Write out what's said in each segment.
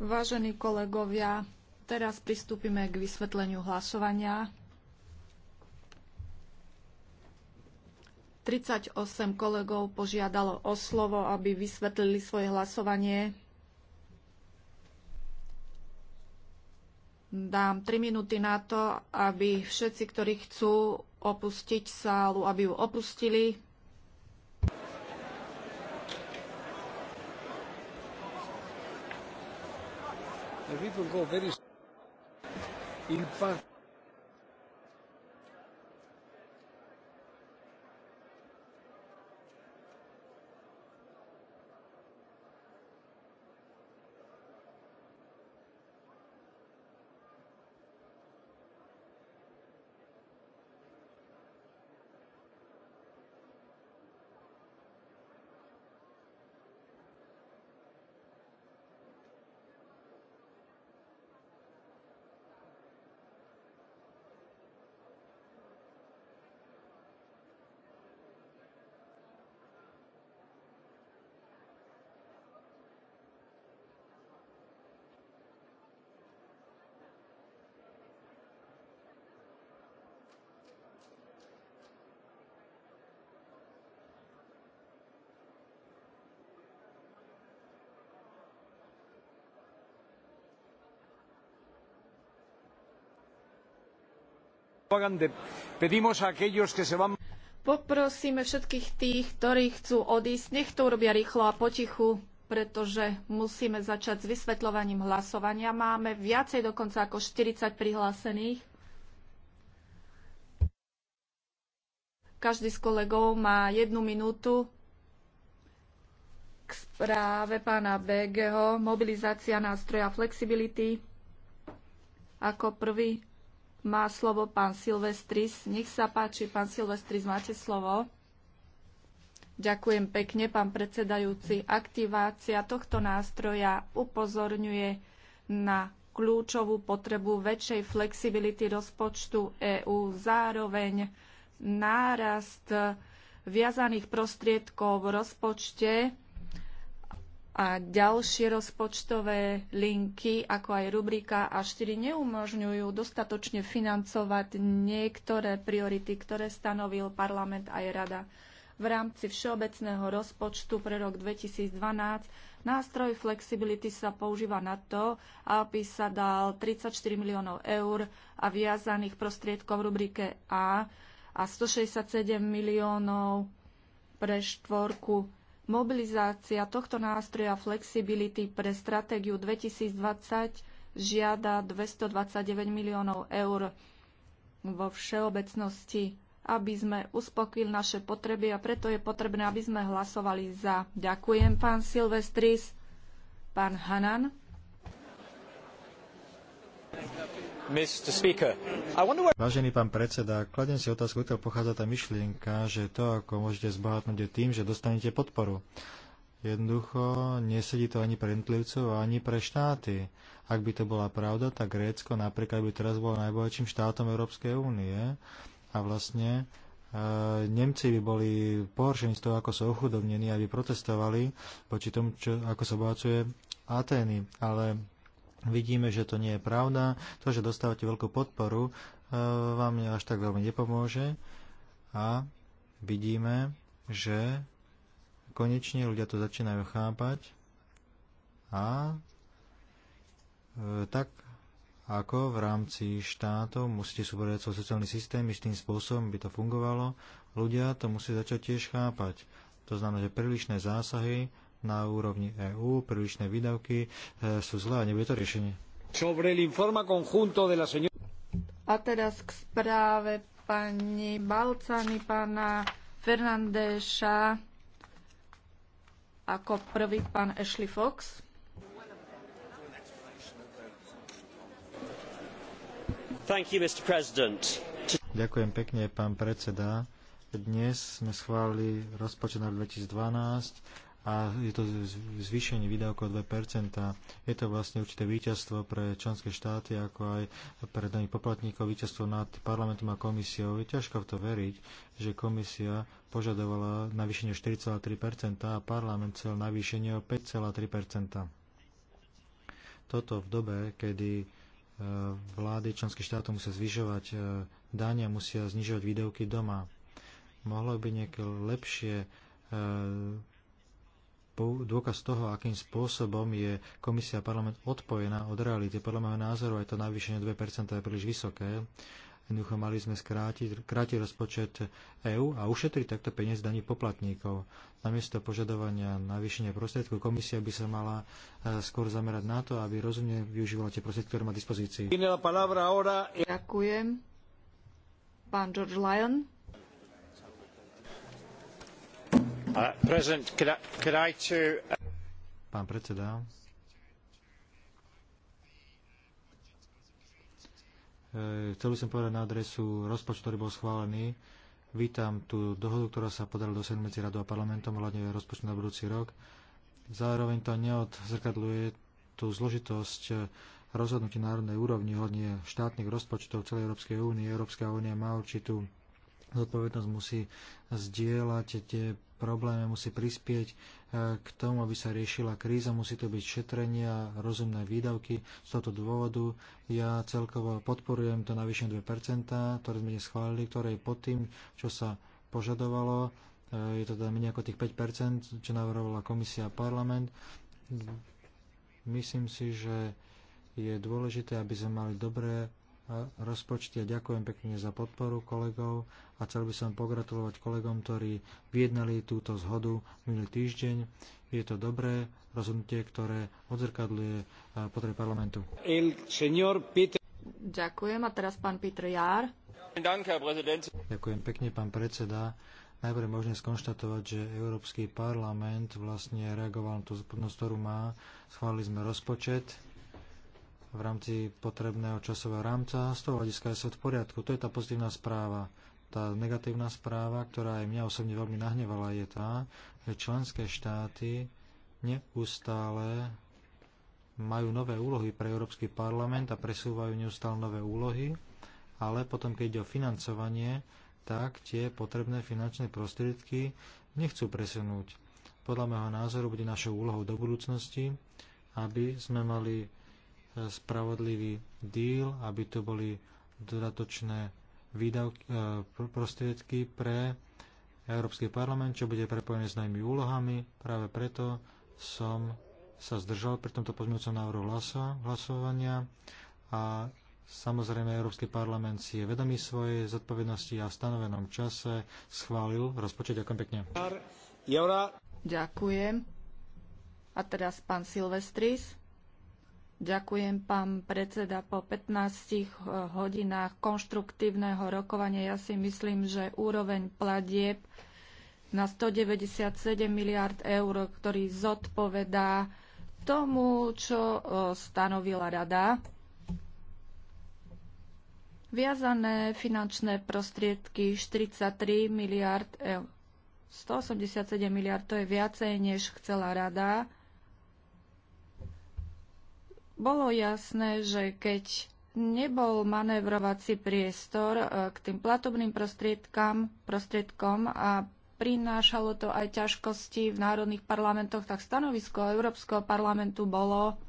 Vážení kolegovia, teraz pristúpime k vysvetleniu hlasovania. 38 kolegov požiadalo o slovo, aby vysvetlili svoje hlasovanie. Dám 3 minúty na to, aby všetci, ktorí chcú opustiť sálu, aby ju opustili. it will go very. Il part. Poprosíme všetkých tých, ktorí chcú odísť, nech to urobia rýchlo a potichu, pretože musíme začať s vysvetľovaním hlasovania. Máme viacej dokonca ako 40 prihlásených. Každý z kolegov má jednu minútu k správe pána Begeho. mobilizácia nástroja flexibility. Ako prvý má slovo pán Silvestris. Nech sa páči, pán Silvestris, máte slovo. Ďakujem pekne, pán predsedajúci. Aktivácia tohto nástroja upozorňuje na kľúčovú potrebu väčšej flexibility rozpočtu EÚ, zároveň nárast viazaných prostriedkov v rozpočte a ďalšie rozpočtové linky, ako aj rubrika A4, neumožňujú dostatočne financovať niektoré priority, ktoré stanovil parlament aj rada. V rámci všeobecného rozpočtu pre rok 2012 nástroj flexibility sa používa na to, aby sa dal 34 miliónov eur a viazaných prostriedkov v rubrike A a 167 miliónov pre štvorku Mobilizácia tohto nástroja flexibility pre stratégiu 2020 žiada 229 miliónov eur vo všeobecnosti, aby sme uspokojili naše potreby a preto je potrebné, aby sme hlasovali za. Ďakujem, pán Silvestris. Pán Hanan. Vážený pán predseda, kladem si otázku, odkiaľ pochádza tá myšlienka, že to, ako môžete zbohatnúť, je tým, že dostanete podporu. Jednoducho nesedí to ani pre jednotlivcov, ani pre štáty. Ak by to bola pravda, tak Grécko napríklad by teraz bolo najbohatším štátom Európskej únie a vlastne e, Nemci by boli pohoršení z toho, ako sú ochudobnení, aby protestovali voči tomu, čo, ako sa obohacuje Atény. Ale Vidíme, že to nie je pravda. To, že dostávate veľkú podporu, e, vám až tak veľmi nepomôže. A vidíme, že konečne ľudia to začínajú chápať a e, tak ako v rámci štátov musíte súboriať so sociálny systém, istým spôsobom by to fungovalo, ľudia to musí začať tiež chápať. To znamená, že prílišné zásahy na úrovni EÚ, prílišné výdavky e, sú zlé a nebude to riešenie. A teraz k správe pani Balcani, pána Fernandéša, ako prvý pán Ashley Fox. You, Ďakujem pekne, pán predseda. Dnes sme schválili rozpočet na 2012 a je to zvýšenie výdavkov 2%. Je to vlastne určité víťazstvo pre členské štáty, ako aj pre daných poplatníkov, víťazstvo nad parlamentom a komisiou. Je ťažko v to veriť, že komisia požadovala navýšenie 4,3% a parlament chcel navýšenie o 5,3%. Toto v dobe, kedy e, vlády členských štátov musia zvyšovať e, dania, musia znižovať výdavky doma. Mohlo by nejaké lepšie e, dôkaz toho, akým spôsobom je komisia a parlament odpojená od reality. Podľa môjho názoru aj to navýšenie 2% je príliš vysoké. Jednoducho mali sme skrátiť, krátiť rozpočet EÚ a ušetriť takto peniaz daní poplatníkov. Namiesto požadovania navýšenia prostriedkov komisia by sa mala e, skôr zamerať na to, aby rozumne využívala tie prostriedky, ktoré má dispozícii. E- Ďakujem. Pán George Lyon. Uh, uh, Pán predseda, eh, chcel by som povedať na adresu rozpočtu, ktorý bol schválený. Vítam tú dohodu, ktorá sa podarila dosiahnuť medzi radou a parlamentom hľadne rozpočtu na budúci rok. Zároveň to neodzrkadľuje tú zložitosť rozhodnutí národnej úrovni hľadne štátnych rozpočtov celej Európskej únie. Európska únia má určitú zodpovednosť musí zdieľať tie probléme, musí prispieť e, k tomu, aby sa riešila kríza, musí to byť šetrenie a rozumné výdavky. Z tohto dôvodu ja celkovo podporujem to navýšenie 2%, ktoré sme dnes schválili, ktoré je pod tým, čo sa požadovalo. E, je to teda menej ako tých 5%, čo navrhovala komisia a parlament. Myslím si, že je dôležité, aby sme mali dobré rozpočte. Ďakujem pekne za podporu kolegov a chcel by som pogratulovať kolegom, ktorí vyjednali túto zhodu minulý týždeň. Je to dobré rozhodnutie, ktoré odzrkadluje e, potreby parlamentu. Ďakujem a teraz pán Peter Jár. Ďakujem pekne, pán predseda. Najprv možné skonštatovať, že Európsky parlament vlastne reagoval na tú zodpovednosť, ktorú má. Schválili sme rozpočet v rámci potrebného časového rámca. Z toho hľadiska je svet v poriadku. To je tá pozitívna správa. Tá negatívna správa, ktorá aj mňa osobne veľmi nahnevala, je tá, že členské štáty neustále majú nové úlohy pre Európsky parlament a presúvajú neustále nové úlohy, ale potom, keď ide o financovanie, tak tie potrebné finančné prostriedky nechcú presunúť. Podľa môjho názoru bude našou úlohou do budúcnosti, aby sme mali spravodlivý díl, aby to boli dodatočné výdavky, e, prostriedky pre Európsky parlament, čo bude prepojené s novými úlohami. Práve preto som sa zdržal pri tomto pozmeňujúcom návrhu hlaso, hlasovania a Samozrejme, Európsky parlament si je vedomý svojej zodpovednosti a v stanovenom čase schválil rozpočet. Ďakujem pekne. Ďakujem. A teraz pán Silvestris. Ďakujem, pán predseda. Po 15 eh, hodinách konštruktívneho rokovania ja si myslím, že úroveň platieb na 197 miliard eur, ktorý zodpovedá tomu, čo eh, stanovila rada. Viazané finančné prostriedky 43 miliard eur. 187 miliard, to je viacej, než chcela rada bolo jasné, že keď nebol manévrovací priestor e, k tým platobným prostriedkám, prostriedkom a prinášalo to aj ťažkosti v národných parlamentoch, tak stanovisko Európskeho parlamentu bolo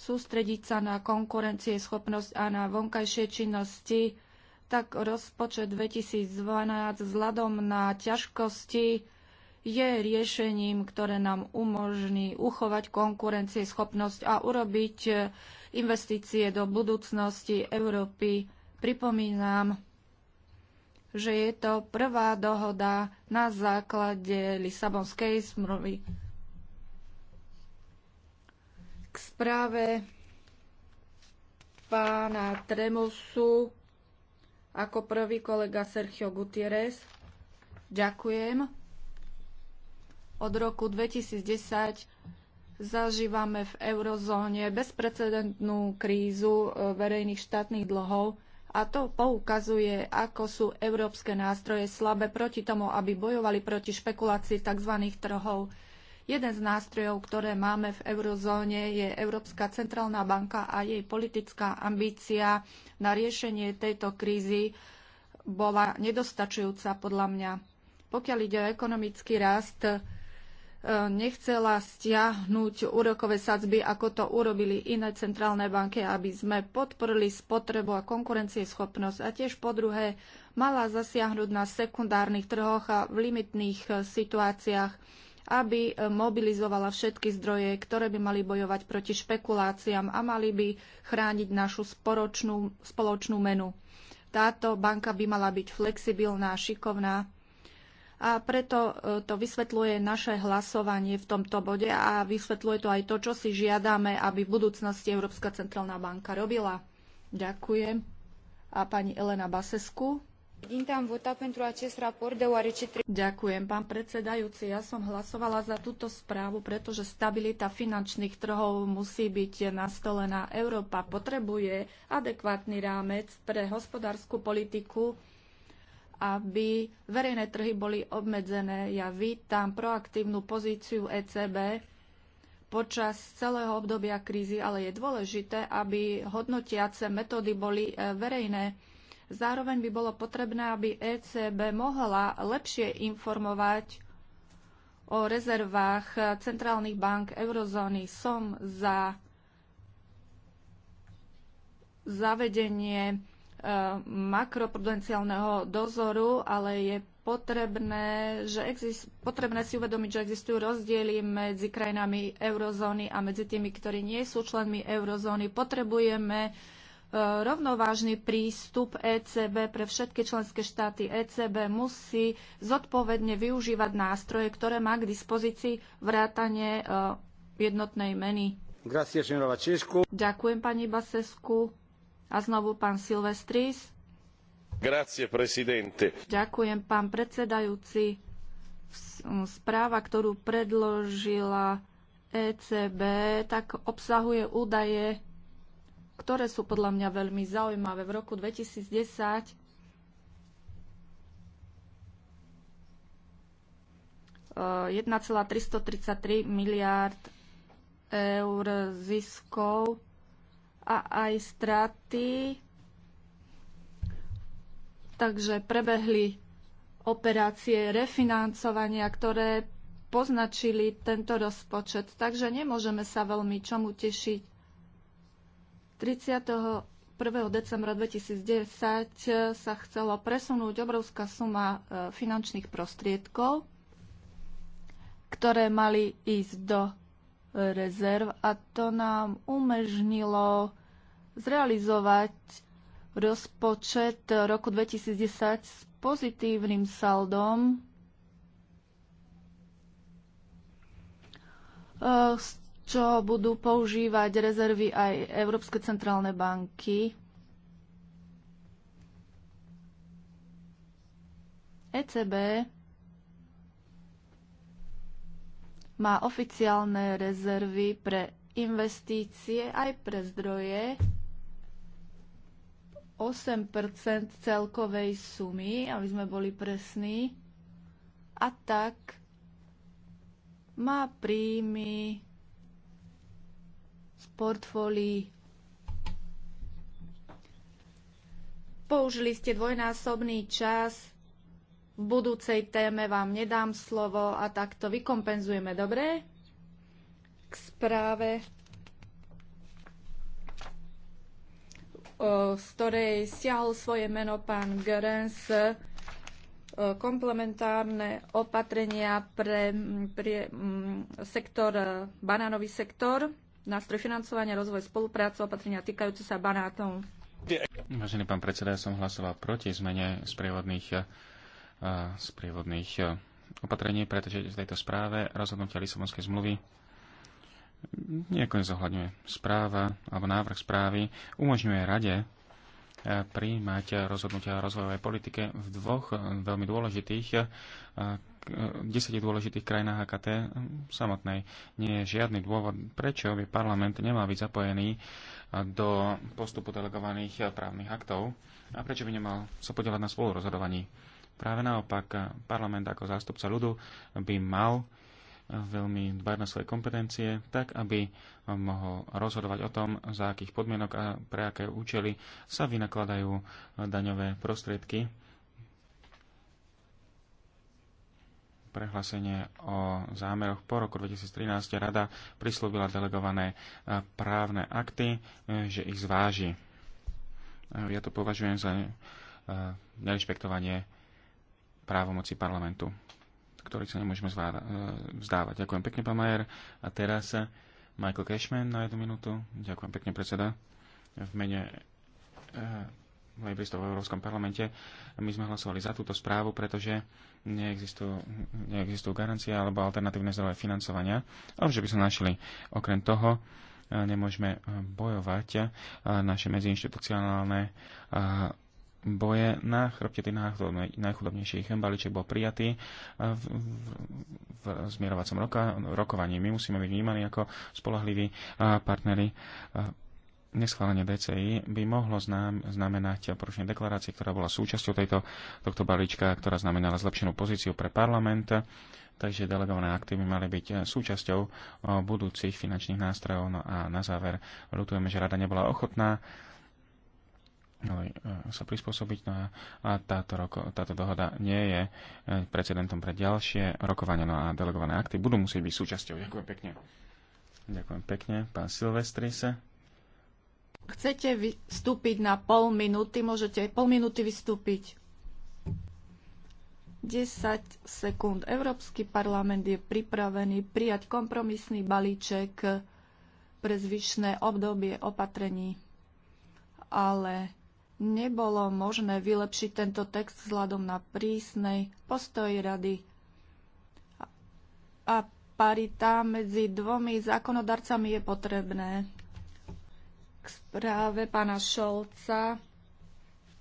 sústrediť sa na schopnosť a na vonkajšie činnosti, tak rozpočet 2012 vzhľadom na ťažkosti je riešením, ktoré nám umožní uchovať konkurencieschopnosť a urobiť e, investície do budúcnosti Európy. Pripomínam, že je to prvá dohoda na základe Lisabonskej smrovy. K správe pána Tremusu ako prvý kolega Sergio Gutierrez. Ďakujem. Od roku 2010 zažívame v eurozóne bezprecedentnú krízu e, verejných štátnych dlhov a to poukazuje, ako sú európske nástroje slabé proti tomu, aby bojovali proti špekulácii tzv. trhov. Jeden z nástrojov, ktoré máme v eurozóne, je Európska centrálna banka a jej politická ambícia na riešenie tejto krízy bola nedostačujúca podľa mňa. Pokiaľ ide o ekonomický rast, E, nechcela stiahnuť úrokové sadzby, ako to urobili iné centrálne banky, aby sme podporili spotrebu a konkurencieschopnosť. A tiež po druhé, mala zasiahnuť na sekundárnych trhoch a v limitných e, situáciách, aby e, mobilizovala všetky zdroje, ktoré by mali bojovať proti špekuláciám a mali by chrániť našu spoločnú, spoločnú menu. Táto banka by mala byť flexibilná, šikovná a preto e, to vysvetľuje naše hlasovanie v tomto bode a vysvetľuje to aj to, čo si žiadame, aby v budúcnosti Európska centrálna banka robila. Ďakujem. A pani Elena Basescu. Ďakujem, pán predsedajúci. Ja som hlasovala za túto správu, pretože stabilita finančných trhov musí byť nastolená. Európa potrebuje adekvátny rámec pre hospodárskú politiku aby verejné trhy boli obmedzené. Ja vítam proaktívnu pozíciu ECB počas celého obdobia krízy, ale je dôležité, aby hodnotiace metódy boli e, verejné. Zároveň by bolo potrebné, aby ECB mohla lepšie informovať o rezervách centrálnych bank eurozóny. Som za zavedenie makroprudenciálneho dozoru, ale je potrebné, že exist, potrebné si uvedomiť, že existujú rozdiely medzi krajinami eurozóny a medzi tými, ktorí nie sú členmi eurozóny. Potrebujeme e, rovnovážny prístup ECB pre všetky členské štáty. ECB musí zodpovedne využívať nástroje, ktoré má k dispozícii vrátane e, jednotnej meny. Ďakujem pani Basesku. A znovu pán Silvestris. Grazie, presidente. Ďakujem, pán predsedajúci. Správa, ktorú predložila ECB, tak obsahuje údaje, ktoré sú podľa mňa veľmi zaujímavé. V roku 2010 1,333 miliard eur ziskov a aj straty. Takže prebehli operácie refinancovania, ktoré poznačili tento rozpočet. Takže nemôžeme sa veľmi čomu tešiť. 31. decembra 2010 sa chcelo presunúť obrovská suma e, finančných prostriedkov, ktoré mali ísť do rezerv a to nám umožnilo zrealizovať rozpočet roku 2010 s pozitívnym saldom. Eh, z čo budú používať rezervy aj Európske centrálne banky. ECB má oficiálne rezervy pre investície aj pre zdroje 8 celkovej sumy, aby sme boli presní. A tak má príjmy z portfólií. Použili ste dvojnásobný čas v budúcej téme vám nedám slovo a takto vykompenzujeme, dobre? K správe, z ktorej stiahol svoje meno pán Gerens, komplementárne opatrenia pre, pre mm, sektor, banánový sektor, nástroj financovania, rozvoj spolupráce, opatrenia týkajúce sa banátov. Vážený pán predseda, ja som hlasoval proti zmene sprievodných z prievodných e, opatrení, pretože v tejto správe rozhodnutia Lisabonskej zmluvy nejako nezohľadňuje správa alebo návrh správy, umožňuje rade e, príjmať rozhodnutia o rozvojovej politike v dvoch e, veľmi dôležitých, desetich dôležitých krajinách AKT samotnej. Nie je žiadny dôvod, prečo by parlament nemal byť zapojený do postupu delegovaných právnych aktov a prečo by nemal sa podielať na spolurozhodovaní. Práve naopak, parlament ako zástupca ľudu by mal eh, veľmi dbať na svoje kompetencie, tak aby mohol rozhodovať o tom, za akých podmienok a pre aké účely sa vynakladajú eh, daňové prostriedky. Prehlásenie o zámeroch po roku 2013 rada prislúbila delegované eh, právne akty, že ich zváži. Ja to považujem za nerešpektovanie právomoci parlamentu, ktorých sa nemôžeme zváda, e, vzdávať. Ďakujem pekne, pán Majer. A teraz Michael Cashman na jednu minútu. Ďakujem pekne, predseda. V mene e, lejbristov v Európskom parlamente my sme hlasovali za túto správu, pretože neexistujú, neexistujú garancie alebo alternatívne zdroje financovania, ale že by sme našli. Okrem toho, e, nemôžeme bojovať e, naše medziinstitucionálne boje na chrbte tých najchudobnejších. Balíček bol prijatý v, v, v zmierovacom roka, rokovaní. My musíme byť vnímaní ako spolahliví partnery. Neschválenie DCI by mohlo znám, znamenať porušenie deklarácie, ktorá bola súčasťou tejto, tohto balíčka, ktorá znamenala zlepšenú pozíciu pre parlament takže delegované akty by mali byť súčasťou budúcich finančných nástrojov. No a na záver ľutujeme, že rada nebola ochotná mali eh, sa prispôsobiť. No a táto, roko, táto dohoda nie je eh, precedentom pre ďalšie rokovania. No a delegované akty budú musieť byť súčasťou. Ďakujem pekne. Ďakujem pekne. Pán Silvestrise. Chcete vystúpiť na pol minúty? Môžete pol minúty vystúpiť. 10 sekúnd. Európsky parlament je pripravený prijať kompromisný balíček pre zvyšné obdobie opatrení. Ale nebolo možné vylepšiť tento text vzhľadom na prísnej postoj rady a parita medzi dvomi zákonodarcami je potrebné. K správe pána Šolca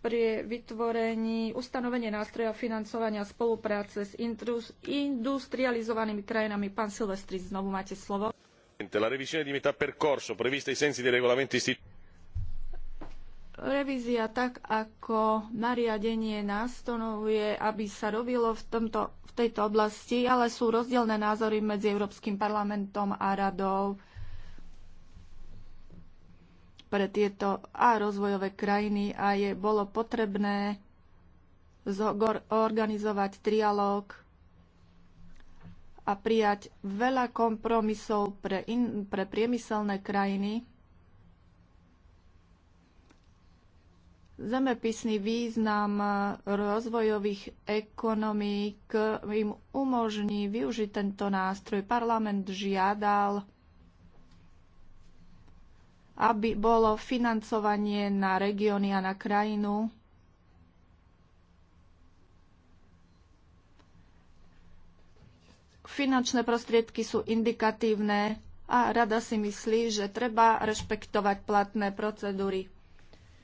pri vytvorení ustanovenie nástroja financovania spolupráce s industrializovanými krajinami. Pán Silvestri, znovu máte slovo. La revisione di metà percorso prevista ai sensi dei regolamenti revízia tak, ako nariadenie nastanovuje, aby sa robilo v, tomto, v tejto oblasti, ale sú rozdielne názory medzi Európskym parlamentom a radou pre tieto a rozvojové krajiny a je bolo potrebné zorganizovať trialóg a prijať veľa kompromisov pre, in, pre priemyselné krajiny Zemepisný význam rozvojových ekonomík im umožní využiť tento nástroj. Parlament žiadal, aby bolo financovanie na regióny a na krajinu. Finančné prostriedky sú indikatívne a rada si myslí, že treba rešpektovať platné procedúry.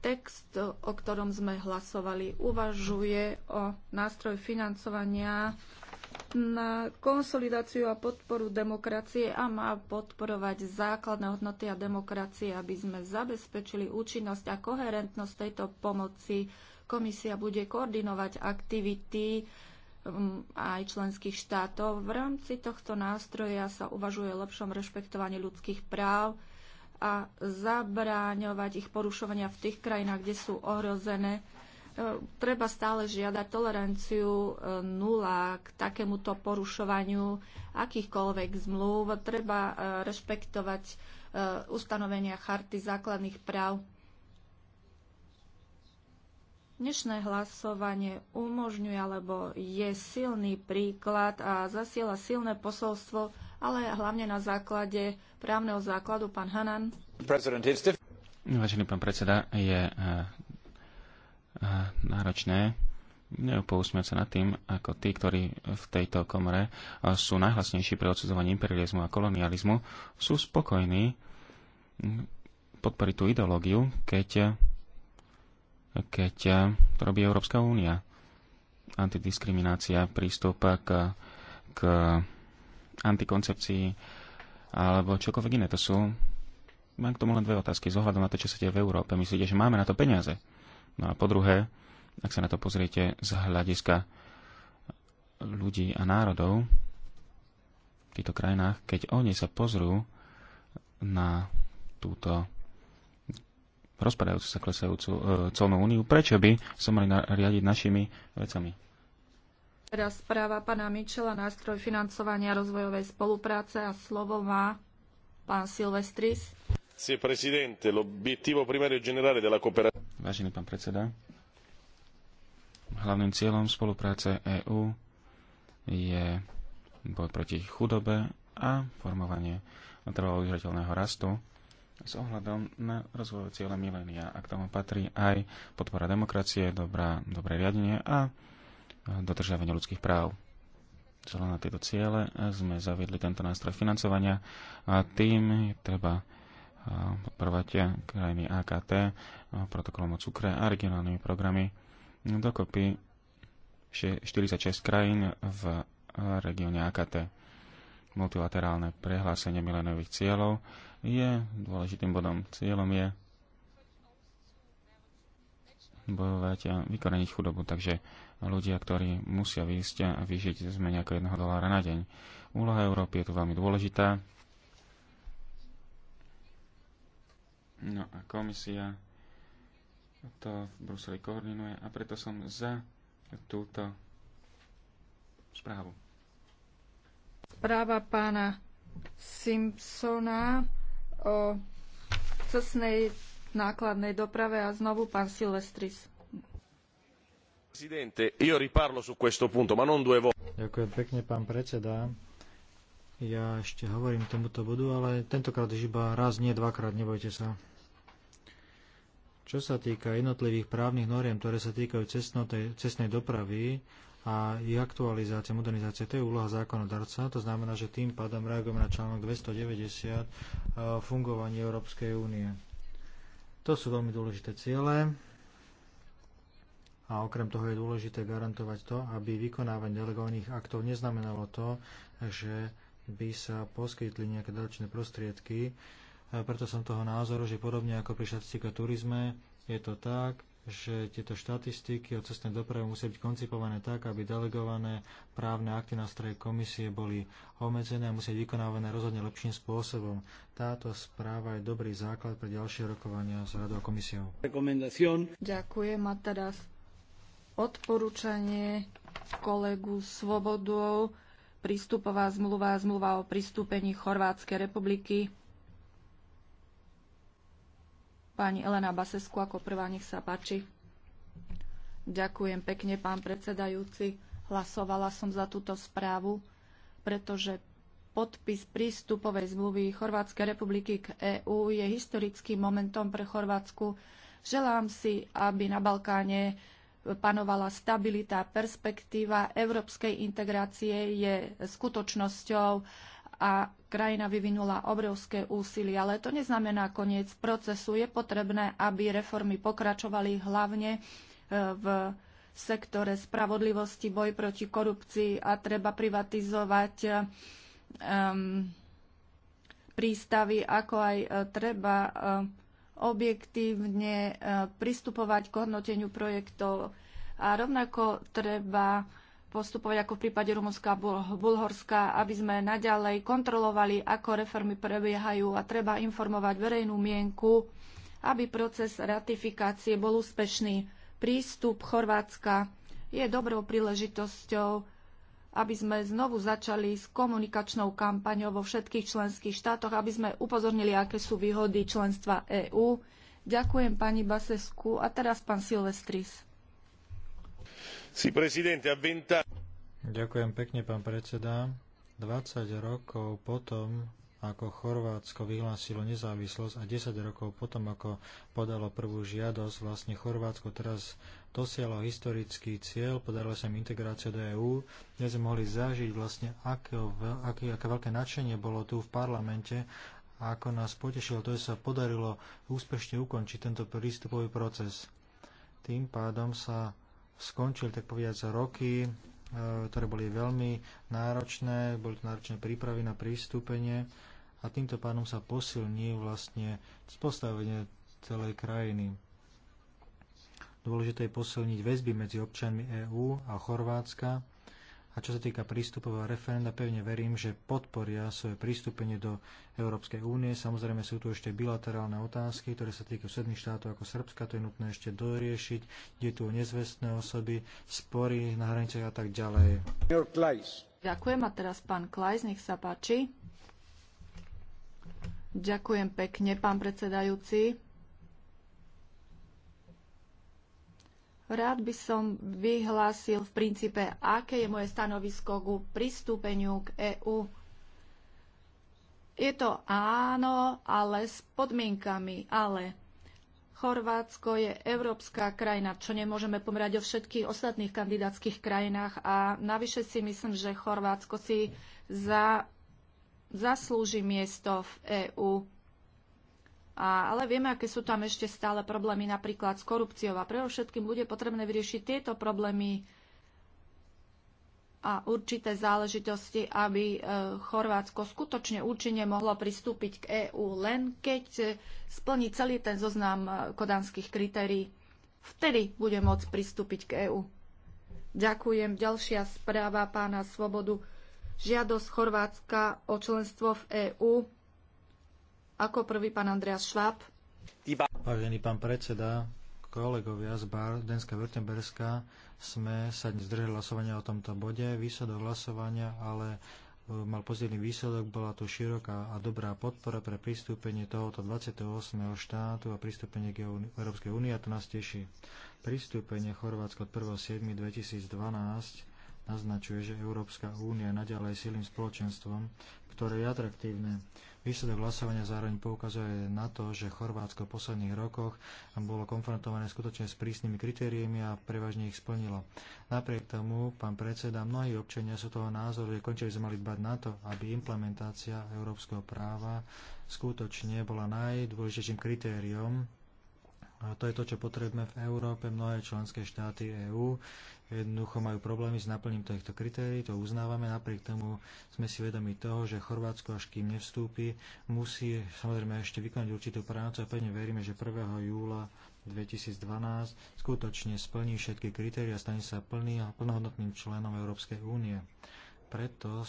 Text, o ktorom sme hlasovali, uvažuje o nástroj financovania na konsolidáciu a podporu demokracie a má podporovať základné hodnoty a demokracie, aby sme zabezpečili účinnosť a koherentnosť tejto pomoci. Komisia bude koordinovať aktivity um, aj členských štátov. V rámci tohto nástroja sa uvažuje o lepšom rešpektovaní ľudských práv, a zabráňovať ich porušovania v tých krajinách, kde sú ohrozené. E, treba stále žiadať toleranciu e, nula k takémuto porušovaniu akýchkoľvek zmluv. Treba e, rešpektovať ustanovenia Charty základných práv. Dnešné hlasovanie umožňuje alebo je silný príklad a zasiela silné posolstvo ale hlavne na základe právneho základu. Pán Hanan. Vážený pán predseda, je uh, uh, náročné neupousmiať sa nad tým, ako tí, ktorí v tejto komore eh, sú najhlasnejší pre odsudzovanie imperializmu a kolonializmu, sú spokojní hm, podporiť tú ideológiu, keď, keď to robí Európska únia. Antidiskriminácia, prístup k, k antikoncepcii alebo čokoľvek iné. To sú... Mám k tomu len dve otázky. Z na to, čo sa deje v Európe, myslíte, že máme na to peniaze? No a po druhé, ak sa na to pozriete z hľadiska ľudí a národov v týchto krajinách, keď oni sa pozrú na túto rozpadajúcu sa klesajúcu e, eh, colnú úniu, prečo by sa mali riadiť našimi vecami? Teraz správa pána Mičela, nástroj financovania rozvojovej spolupráce a slovo má pán Silvestris. E Vážený pán predseda, hlavným cieľom spolupráce EÚ je boj proti chudobe a formovanie trvalo udržateľného rastu s ohľadom na rozvoj cieľa milénia. A k tomu patrí aj podpora demokracie, dobrá, dobré riadenie a dodržiavania ľudských práv. Celé na tieto ciele sme zaviedli tento nástroj financovania a tým je treba podporovať krajiny AKT, protokolom o cukre a regionálnymi programy. Dokopy 46 krajín v regióne AKT. Multilaterálne prehlásenie milenových cieľov je dôležitým bodom. Cieľom je bojovať a vykoreniť chudobu. Takže ľudia, ktorí musia výjsť a vyžiť z menej ako 1 dolára na deň. Úloha Európy je tu veľmi dôležitá. No a komisia to v Bruseli koordinuje a preto som za túto správu. Správa pána Simpsona o cestnej nákladnej doprave a znovu pán Silvestris presidente, io riparlo su questo punto, ma non due volte. Ďakujem pekne, pán predseda. Ja ešte hovorím tomuto bodu, ale tentokrát už iba raz, nie dvakrát, nebojte sa. Čo sa týka jednotlivých právnych noriem, ktoré sa týkajú cestnotej, cestnej dopravy a ich aktualizácie, modernizácie, to je úloha zákonodarca. To znamená, že tým pádom reagujeme na článok 290 o fungovaní Európskej únie. To sú veľmi dôležité ciele a okrem toho je dôležité garantovať to, aby vykonávanie delegovaných aktov neznamenalo to, že by sa poskytli nejaké dodatočné prostriedky. Preto som toho názoru, že podobne ako pri o turizme je to tak, že tieto štatistiky o cestnej doprave musia byť koncipované tak, aby delegované právne akty na stroje komisie boli obmedzené a musia vykonávané rozhodne lepším spôsobom. Táto správa je dobrý základ pre ďalšie rokovania s Radou komisiou. Ďakujem a teraz odporúčanie kolegu Svobodov, prístupová zmluva, zmluva o pristúpení Chorvátskej republiky. Pani Elena Basesku ako prvá, nech sa páči. Ďakujem pekne, pán predsedajúci. Hlasovala som za túto správu, pretože podpis prístupovej zmluvy Chorvátskej republiky k EÚ je historickým momentom pre Chorvátsku. Želám si, aby na Balkáne panovala stabilita, perspektíva európskej integrácie je skutočnosťou a krajina vyvinula obrovské úsilie, ale to neznamená koniec procesu. Je potrebné, aby reformy pokračovali hlavne e, v sektore spravodlivosti, boj proti korupcii a treba privatizovať um, prístavy, ako aj e, treba objektívne e, pristupovať k hodnoteniu projektov a rovnako treba postupovať ako v prípade Rumunska a Bulhorska, aby sme naďalej kontrolovali, ako reformy prebiehajú a treba informovať verejnú mienku, aby proces ratifikácie bol úspešný. Prístup Chorvátska je dobrou príležitosťou aby sme znovu začali s komunikačnou kampaňou vo všetkých členských štátoch, aby sme upozornili, aké sú výhody členstva EÚ. Ďakujem pani Basesku a teraz pán Silvestris. Ďakujem pekne, pán predseda. 20 rokov potom, ako Chorvátsko vyhlásilo nezávislosť a 10 rokov potom, ako podalo prvú žiadosť, vlastne Chorvátsko teraz dosiahlo historický cieľ, podarilo sa im integrácia do EÚ, kde sme mohli zažiť vlastne, aké, aké, aké veľké nadšenie bolo tu v parlamente a ako nás potešilo, to, že sa podarilo úspešne ukončiť tento prístupový proces. Tým pádom sa skončili, tak povedať, roky e, ktoré boli veľmi náročné, boli to náročné prípravy na prístupenie a týmto pádom sa posilní vlastne postavenie celej krajiny. Dôležité je posilniť väzby medzi občanmi EÚ a Chorvátska a čo sa týka prístupového referenda, pevne verím, že podporia svoje prístupenie do Európskej únie. Samozrejme sú tu ešte bilaterálne otázky, ktoré sa týkajú sedmi štátov ako Srbska, to je nutné ešte doriešiť, kde tu o nezvestné osoby, spory na hraniciach a tak ďalej. Ďakujem a teraz pán Klajs, nech sa páči. Ďakujem pekne, pán predsedajúci. Rád by som vyhlásil v princípe, aké je moje stanovisko ku pristúpeniu k EÚ. Je to áno, ale s podmienkami, ale Chorvátsko je európska krajina, čo nemôžeme pomerať o všetkých ostatných kandidátskych krajinách a navyše si myslím, že Chorvátsko si za zaslúži miesto v EÚ. Ale vieme, aké sú tam ešte stále problémy napríklad s korupciou a všetkým bude potrebné vyriešiť tieto problémy a určité záležitosti, aby e, Chorvátsko skutočne účinne mohlo pristúpiť k EÚ len keď e, splní celý ten zoznam e, kodanských kritérií. Vtedy bude môcť pristúpiť k EÚ. Ďakujem. Ďalšia správa pána Svobodu žiadosť Chorvátska o členstvo v EÚ. Ako prvý pán Andreas Šváb. Vážený pán predseda, kolegovia z bar Denska Württemberska sme sa zdržali hlasovania o tomto bode. Výsledok hlasovania ale e, mal pozitívny výsledok, bola tu široká a dobrá podpora pre pristúpenie tohoto 28. štátu a pristúpenie k Európskej únie a to nás teší. Pristúpenie Chorvátska od 1.7.2012 naznačuje, že Európska únia naďalej silným spoločenstvom, ktoré je atraktívne. Výsledok hlasovania zároveň poukazuje na to, že Chorvátsko v posledných rokoch bolo konfrontované skutočne s prísnymi kritériami a prevažne ich splnilo. Napriek tomu, pán predseda, mnohí občania sú toho názoru, že končili sme mali dbať na to, aby implementácia európskeho práva skutočne bola najdôležitejším kritériom a to je to, čo potrebujeme v Európe. Mnohé členské štáty EÚ jednoducho majú problémy s naplním týchto kritérií, to uznávame. Napriek tomu sme si vedomi toho, že Chorvátsko až kým nevstúpi, musí samozrejme ešte vykonať určitú prácu a pevne veríme, že 1. júla 2012 skutočne splní všetky kritéria a stane sa plný a plnohodnotným členom Európskej únie. Preto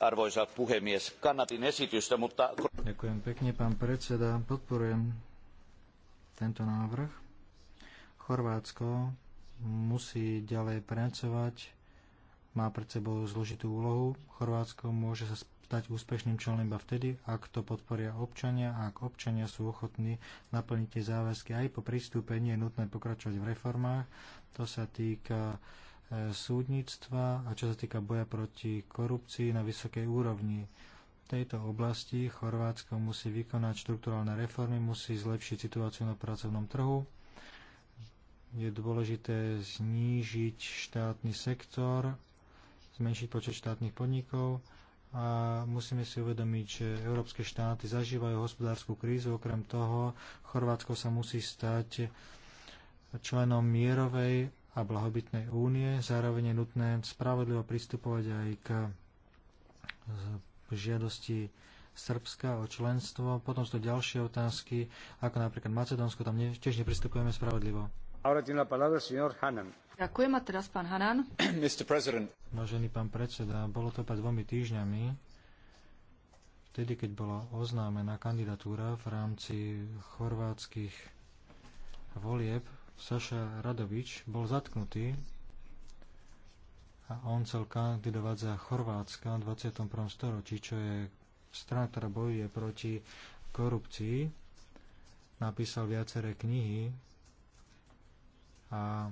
arvoisa puhemies. Kannatin esitystä, mutta... Ďakujem pekne, pán predseda. Podporujem tento návrh. Chorvátsko musí ďalej pracovať, má pred sebou zložitú úlohu. Chorvátsko môže sa stať úspešným členom iba vtedy, ak to podporia občania a ak občania sú ochotní naplniť tie záväzky. Aj po pristúpení je nutné pokračovať v reformách. To sa týka uh, súdnictva a čo sa týka boja proti korupcii na vysokej úrovni. V tejto oblasti Chorvátsko musí vykonať štruktúralne reformy, musí zlepšiť situáciu na pracovnom trhu. Je dôležité znížiť štátny sektor, zmenšiť počet štátnych podnikov a musíme si uvedomiť, že európske štáty zažívajú hospodárskú krízu. Okrem toho, Chorvátsko sa musí stať členom mierovej a blahobytnej únie. Zároveň je nutné spravodlivo pristupovať aj k žiadosti Srbska o členstvo. Potom sú to ďalšie otázky, ako napríklad Macedónsko, tam tiež nepristupujeme spravodlivo. Ďakujem a teraz pán Hanan. Vážený pán predseda, bolo to pred dvomi týždňami, vtedy keď bola oznámená kandidatúra v rámci chorvátskych volieb Saša Radovič bol zatknutý a on chcel kandidovať za Chorvátska v 21. storočí, čo je strana, ktorá bojuje proti korupcii. Napísal viaceré knihy a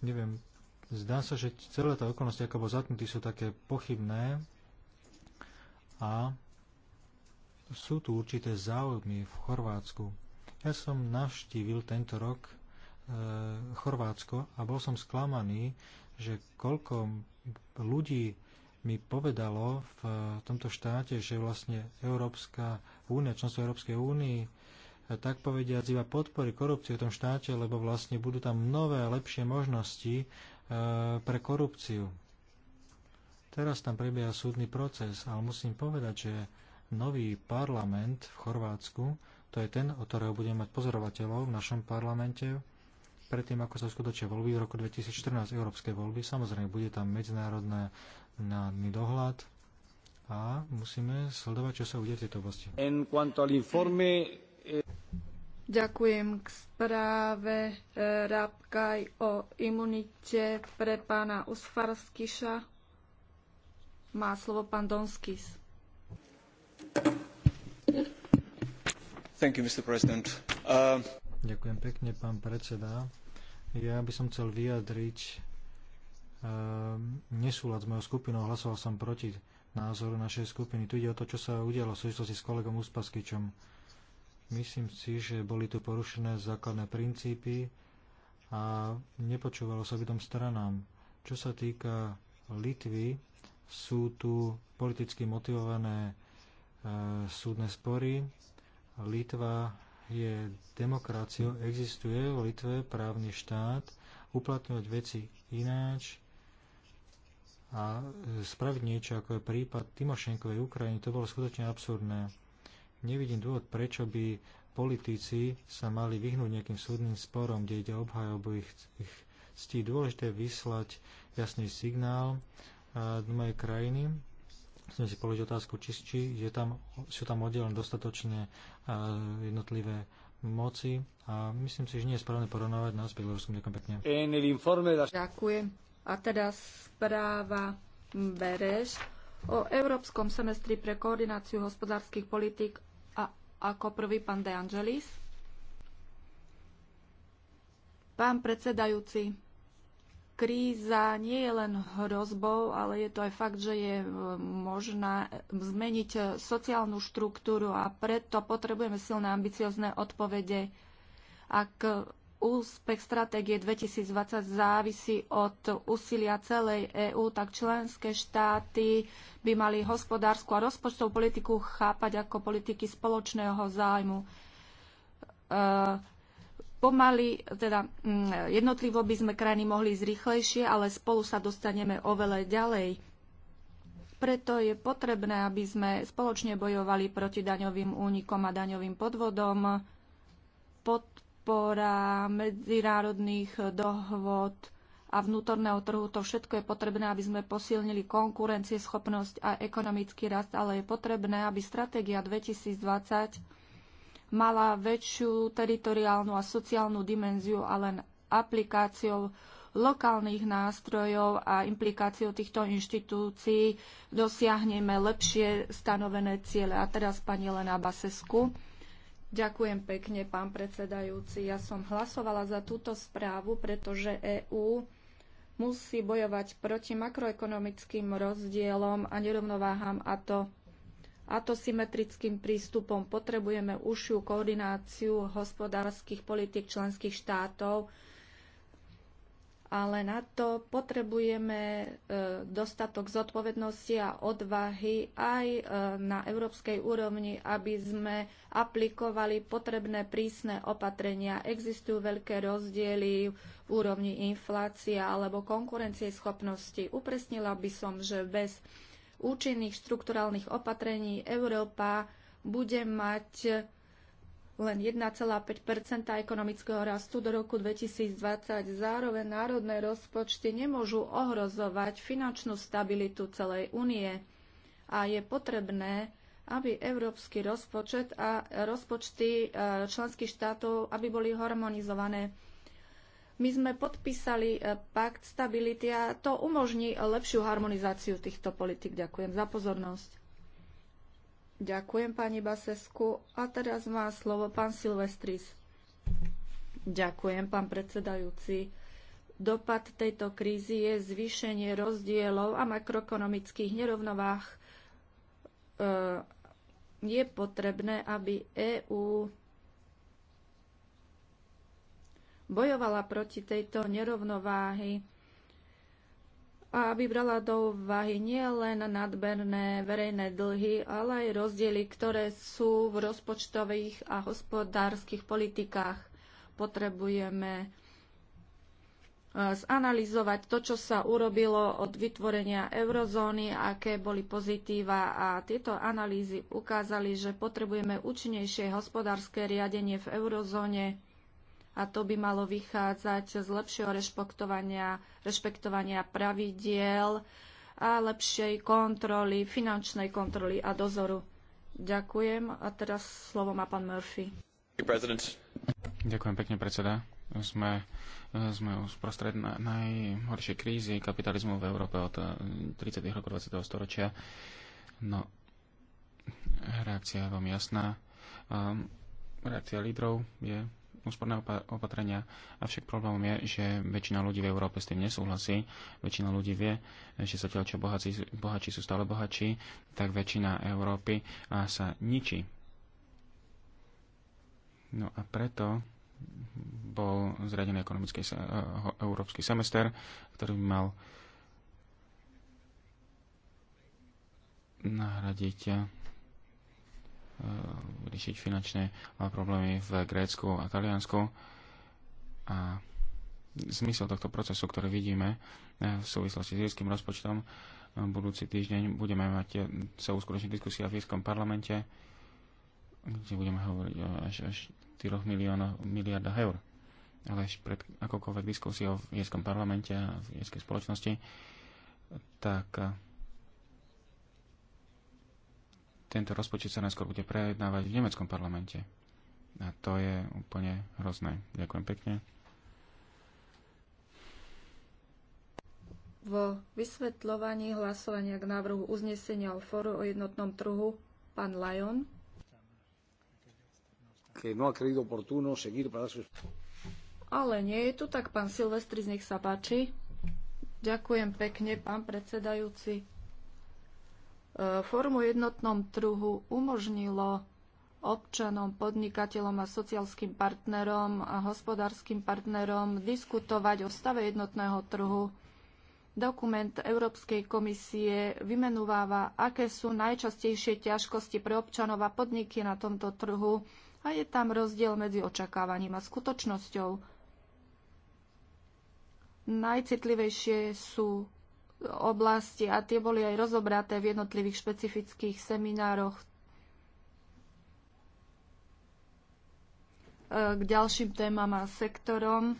neviem, zdá sa, že celé tá okolnosti, ako bol zatknutý, sú také pochybné a sú tu určité záujmy v Chorvátsku. Ja som navštívil tento rok e, Chorvátsko a bol som sklamaný, že koľko ľudí mi povedalo v tomto štáte, že vlastne Európska únia, členstvo Európskej únii, e, tak povediať, iba podpory korupcie v tom štáte, lebo vlastne budú tam nové, lepšie možnosti e, pre korupciu. Teraz tam prebieha súdny proces, ale musím povedať, že nový parlament v Chorvátsku to je ten, od ktorého budeme mať pozorovateľov v našom parlamente predtým, ako sa uskutočia voľby v roku 2014, európske voľby. Samozrejme, bude tam medzinárodný dohľad a musíme sledovať, čo sa udeje v tejto oblasti. Eh, Ďakujem k správe eh, Rábkaj o imunite pre pána Usfarskyša. Má slovo pán Donskis. You, uh... Ďakujem pekne, pán predseda. Ja by som chcel vyjadriť uh, nesúlad s mojou skupinou. Hlasoval som proti názoru našej skupiny. Tu ide o to, čo sa udialo v súvislosti s kolegom Uspaskyčom. Myslím si, že boli tu porušené základné princípy a nepočúvalo sa bytom stranám. Čo sa týka Litvy, sú tu politicky motivované uh, súdne spory, Litva je demokraciou, existuje v Litve právny štát, uplatňovať veci ináč a spraviť niečo, ako je prípad Timošenkovej Ukrajiny, to bolo skutočne absurdné. Nevidím dôvod, prečo by politici sa mali vyhnúť nejakým súdnym sporom, kde ide obhajobu ich, ich ctí. Dôležité vyslať jasný signál do mojej krajiny Chcem si položiť otázku, či, či je tam, sú tam oddelené dostatočne e, jednotlivé moci a myslím si, že nie je správne porovnávať nás s Bieloruskom. Ďakujem pekne. Ďakujem. A teda správa Bereš o Európskom semestri pre koordináciu hospodárskych politík a ako prvý pán De Angelis. Pán predsedajúci, kríza nie je len hrozbou, ale je to aj fakt, že je e, možná zmeniť e, sociálnu štruktúru a preto potrebujeme silné ambiciozne odpovede. Ak e, úspech stratégie 2020 závisí od úsilia celej EÚ, tak členské štáty by mali hospodárskú a rozpočtovú politiku chápať ako politiky spoločného zájmu. Pomaly, teda mm, jednotlivo by sme krajiny mohli ísť rýchlejšie, ale spolu sa dostaneme oveľa ďalej. Preto je potrebné, aby sme spoločne bojovali proti daňovým únikom a daňovým podvodom, podpora medzinárodných dohôd a vnútorného trhu. To všetko je potrebné, aby sme posilnili konkurencieschopnosť a ekonomický rast, ale je potrebné, aby stratégia 2020 mala väčšiu teritoriálnu a sociálnu dimenziu a len aplikáciou lokálnych nástrojov a implikáciou týchto inštitúcií dosiahneme lepšie stanovené ciele. A teraz pani Lena Basesku. Ďakujem pekne, pán predsedajúci. Ja som hlasovala za túto správu, pretože EÚ musí bojovať proti makroekonomickým rozdielom a nerovnováham a to a to symetrickým prístupom. Potrebujeme užšiu koordináciu hospodárskych politik členských štátov, ale na to potrebujeme e, dostatok zodpovednosti a odvahy aj e, na európskej úrovni, aby sme aplikovali potrebné prísne opatrenia. Existujú veľké rozdiely v úrovni inflácia alebo konkurencieschopnosti. Upresnila by som, že bez účinných štrukturálnych opatrení Európa bude mať len 1,5 ekonomického rastu do roku 2020. Zároveň národné rozpočty nemôžu ohrozovať finančnú stabilitu celej únie a je potrebné, aby európsky rozpočet a rozpočty e, členských štátov aby boli harmonizované. My sme podpísali e, pakt stability a to umožní lepšiu harmonizáciu týchto politik. Ďakujem za pozornosť. Ďakujem pani Basesku. A teraz má slovo pán Silvestris. Ďakujem, pán predsedajúci. Dopad tejto krízy je zvýšenie rozdielov a makroekonomických nerovnovách. E, je potrebné, aby EÚ bojovala proti tejto nerovnováhy a vybrala do úvahy nielen nadberné verejné dlhy, ale aj rozdiely, ktoré sú v rozpočtových a hospodárskych politikách. Potrebujeme eh, zanalizovať to, čo sa urobilo od vytvorenia eurozóny, aké boli pozitíva a tieto analýzy ukázali, že potrebujeme účinnejšie hospodárske riadenie v eurozóne a to by malo vychádzať z lepšieho rešpektovania, rešpektovania pravidiel a lepšej kontroly, finančnej kontroly a dozoru. Ďakujem a teraz slovo má pán Murphy. Ďakujem pekne, predseda. Sme, sme na, najhoršej krízy kapitalizmu v Európe od 30. Eh, rokov 20. storočia. No, reakcia je veľmi jasná. Um, reakcia lídrov je úsporné opatrenia. Avšak problémom je, že väčšina ľudí v Európe s tým nesúhlasí. Väčšina ľudí vie, že zatiaľ čo bohatí, bohatší sú stále bohatší, tak väčšina Európy sa ničí. No a preto bol zradený ekonomický e, európsky semester, ktorý mal nahradiť Eh, riešiť finančné eh, problémy v Grécku a Taliansku. A zmysel tohto procesu, ktorý vidíme eh, v súvislosti s írským rozpočtom, budúci týždeň budeme mať sa uskutočniť diskusia v írskom parlamente, kde budeme hovoriť o až, až 4 miliónoch, miliardách eur. Ale až pred akokoľvek diskusiou v írskom parlamente a v írskej spoločnosti, tak tento rozpočet sa najskôr bude prejednávať v nemeckom parlamente. A to je úplne hrozné. Ďakujem pekne. Vo vysvetľovaní hlasovania k návrhu uznesenia o fóru o jednotnom trhu pán Lajon. No Ale nie je tu tak, pán z nech sa páči. Ďakujem pekne, pán predsedajúci. E, Formu jednotnom trhu umožnilo občanom, podnikateľom a sociálskym partnerom a hospodárskym partnerom diskutovať o stave jednotného trhu. Dokument Európskej komisie vymenúváva, aké sú najčastejšie ťažkosti pre občanov a podniky na tomto trhu a je tam rozdiel medzi očakávaním a skutočnosťou. Najcitlivejšie sú oblasti a tie boli aj rozobraté v jednotlivých špecifických seminároch e, k ďalším témam a sektorom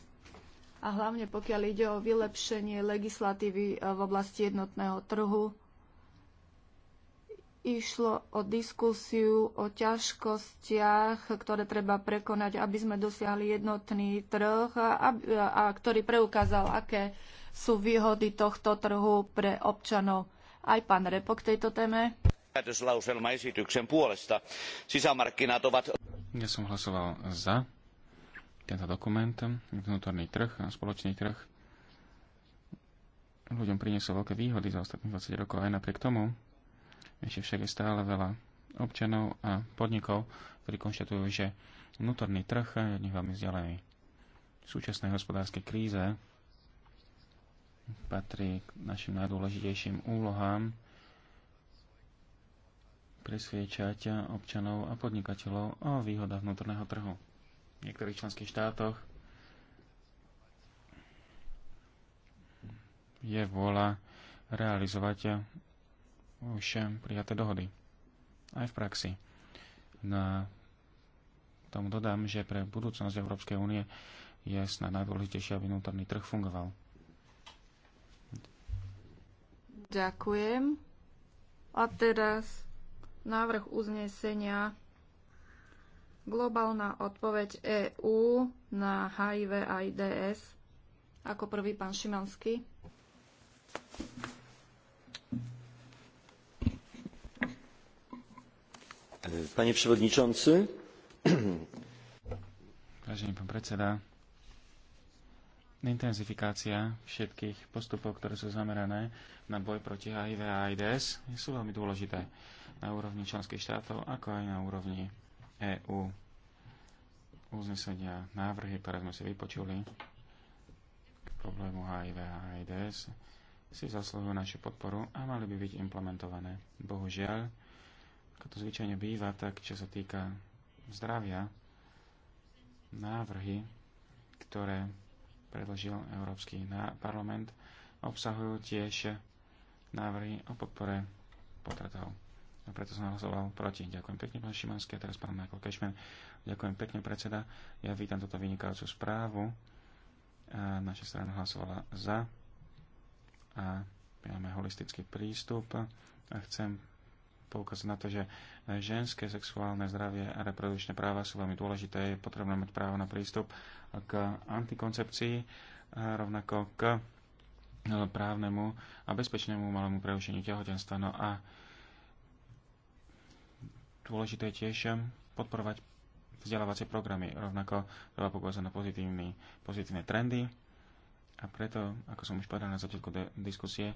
a hlavne pokiaľ ide o vylepšenie legislatívy e, v oblasti jednotného trhu. Išlo o diskusiu o ťažkostiach, ktoré treba prekonať, aby sme dosiahli jednotný trh a, a, a ktorý preukázal, aké sú výhody tohto trhu pre občanov. Aj pán Repo k tejto téme. puolesta sisämarkkinat ovat... Ja som hlasoval za tento dokument, vnútorný trh, spoločný trh. Ľuďom priniesol veľké výhody za ostatných 20 rokov aj napriek tomu. Ešte však je stále veľa občanov a podnikov, ktorí konštatujú, že vnútorný trh je od nich veľmi vzdialený. V súčasnej hospodárskej kríze patrí k našim najdôležitejším úlohám presviečať občanov a podnikateľov o výhodách vnútorného trhu. V niektorých členských štátoch je vôľa realizovať už prijaté dohody. Aj v praxi. Na tomu dodám, že pre budúcnosť Európskej únie je snad najdôležitejšie, aby vnútorný trh fungoval. Ďakujem. A teraz návrh uznesenia Globálna odpoveď EÚ na HIV a IDS. Ako prvý pán Šimanský. Panie przewodniczący. Vážený pán predseda, intenzifikácia všetkých postupov, ktoré sú zamerané na boj proti HIV a AIDS, sú veľmi dôležité na úrovni členských štátov, ako aj na úrovni EÚ. Uznesenia, návrhy, ktoré sme si vypočuli k problému HIV a AIDS, si zaslúhujú našu podporu a mali by byť implementované. Bohužiaľ, ako to zvyčajne býva, tak čo sa týka zdravia, návrhy, ktoré predložil Európsky parlament, obsahujú tiež návrhy o podpore potratov. A preto som hlasoval proti. Ďakujem pekne, pán Šimanský, a teraz pán Michael Cashman. Ďakujem pekne, predseda. Ja vítam toto vynikajúcu správu. A naša strana hlasovala za. A máme holistický prístup. A chcem poukázať na to, že ženské sexuálne zdravie a reprodukčné práva sú veľmi dôležité. Je potrebné mať právo na prístup k antikoncepcii, rovnako k právnemu a bezpečnému malému prerušeniu tehotenstva. No a dôležité tiež podporovať vzdelávacie programy. Rovnako treba poukázať na pozitívny, pozitívne trendy. A preto, ako som už povedal na začiatku diskusie,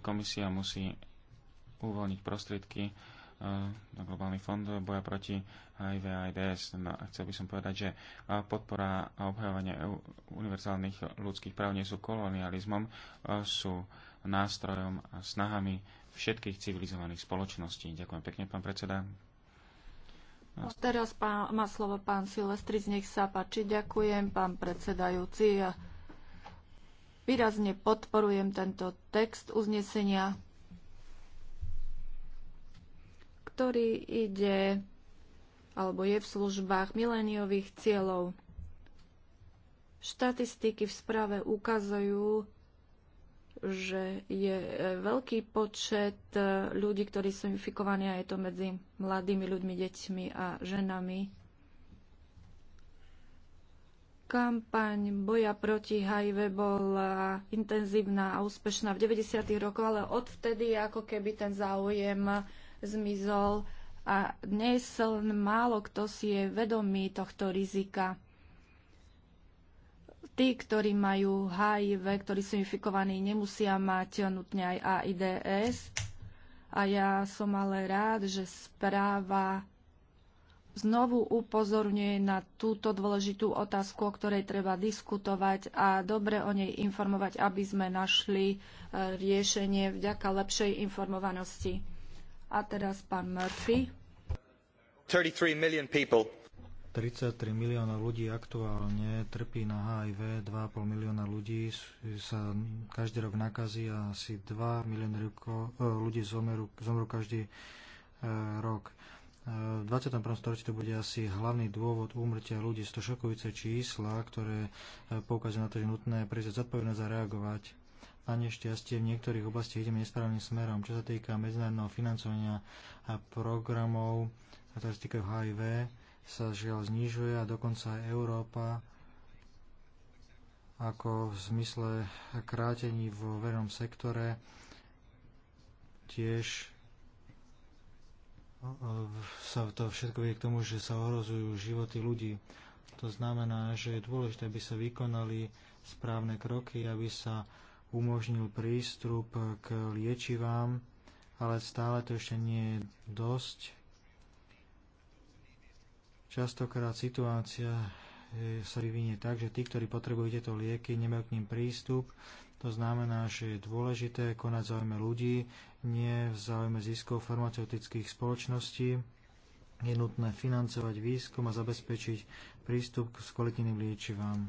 komisia musí uvoľniť prostriedky e, na globálny fond boja proti HIV a AIDS. No, chcel by som povedať, že podpora a obhajovanie univerzálnych ľudských práv nie sú kolonializmom, e, sú nástrojom a snahami všetkých civilizovaných spoločností. Ďakujem pekne, pán predseda. teraz pán, má slovo pán Silvestri. nech sa páči. Ďakujem, pán predsedajúci. výrazne podporujem tento text uznesenia ktorý ide alebo je v službách mileniových cieľov. Štatistiky v správe ukazujú, že je e, veľký počet e, ľudí, ktorí sú infikovaní a je to medzi mladými ľuďmi, deťmi a ženami. Kampaň boja proti HIV bola intenzívna a úspešná v 90. rokoch, ale odvtedy ako keby ten záujem zmizol a dnes len málo kto si je vedomý tohto rizika. Tí, ktorí majú HIV, ktorí sú infikovaní, nemusia mať nutne aj AIDS. A ja som ale rád, že správa znovu upozorňuje na túto dôležitú otázku, o ktorej treba diskutovať a dobre o nej informovať, aby sme našli e, riešenie vďaka lepšej informovanosti. A teraz pán Murphy. 33 million miliónov ľudí aktuálne trpí na HIV, 2,5 milióna ľudí sa každý rok nakazí a asi 2 milióny e, ľudí zomrú, každý e, rok. E, v 21. storočí to bude asi hlavný dôvod úmrtia ľudí. Sto šokujúce čísla, ktoré poukazujú na to, že nutné prezrieť zodpovednosť a reagovať na nešťastie v niektorých oblastiach ideme nesprávnym smerom, čo sa týka medzinárodného financovania a programov, ktoré sa týkajú HIV, sa žiaľ znižuje a dokonca aj Európa ako v zmysle krátení vo verejnom sektore tiež sa to všetko vie k tomu, že sa ohrozujú životy ľudí. To znamená, že je dôležité, aby sa vykonali správne kroky, aby sa umožnil prístup k liečivám, ale stále to ešte nie je dosť. Častokrát situácia e, sa vyvinie tak, že tí, ktorí potrebujú tieto lieky, nemajú k ním prístup. To znamená, že je dôležité konať záujme ľudí, nie v záujme ziskov farmaceutických spoločností. Je nutné financovať výskum a zabezpečiť prístup k kvalitným liečivám.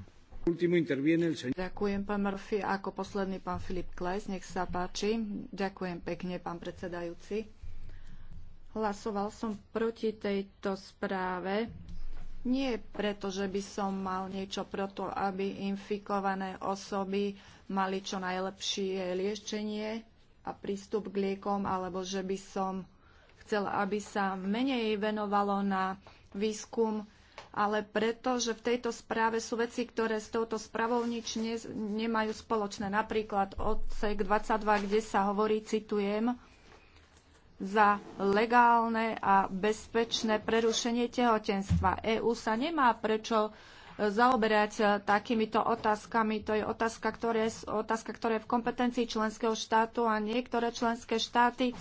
Ďakujem, pán Murphy. ako posledný, pán Filip Kles, nech sa páči. Ďakujem pekne, pán predsedajúci. Hlasoval som proti tejto správe. Nie preto, že by som mal niečo proto, aby infikované osoby mali čo najlepšie liečenie a prístup k liekom, alebo že by som chcel, aby sa menej venovalo na výskum ale preto, že v tejto správe sú veci, ktoré s touto správou nič ne, nemajú spoločné. Napríklad odsek 22, kde sa hovorí, citujem, za legálne a bezpečné prerušenie tehotenstva. EÚ sa nemá prečo e, zaoberať e, takýmito otázkami. To je otázka, ktoré, otázka, ktorá je v kompetencii členského štátu a niektoré členské štáty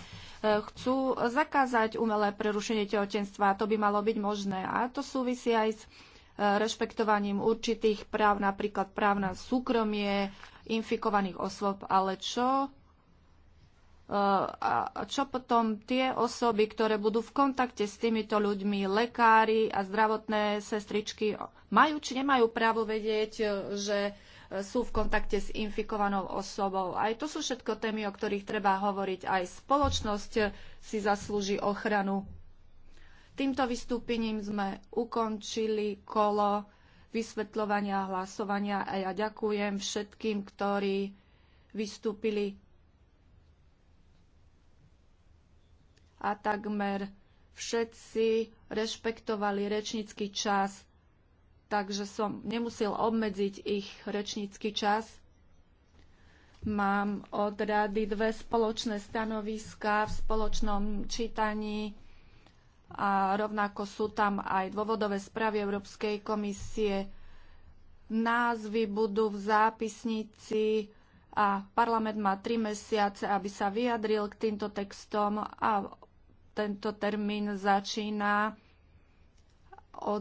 chcú zakázať umelé prerušenie tehotenstva. To by malo byť možné. A to súvisí aj s e, rešpektovaním určitých práv, napríklad práv na súkromie infikovaných osôb. Ale čo e, a čo potom tie osoby, ktoré budú v kontakte s týmito ľuďmi, lekári a zdravotné sestričky, majú či nemajú právo vedieť, e, že sú v kontakte s infikovanou osobou. Aj to sú všetko témy, o ktorých treba hovoriť. Aj spoločnosť si zaslúži ochranu. Týmto vystúpením sme ukončili kolo vysvetľovania a hlasovania a ja ďakujem všetkým, ktorí vystúpili a takmer všetci rešpektovali rečnícky čas takže som nemusel obmedziť ich rečnícky čas. Mám od rady dve spoločné stanoviská v spoločnom čítaní a rovnako sú tam aj dôvodové správy Európskej komisie. Názvy budú v zápisnici a parlament má tri mesiace, aby sa vyjadril k týmto textom a tento termín začína od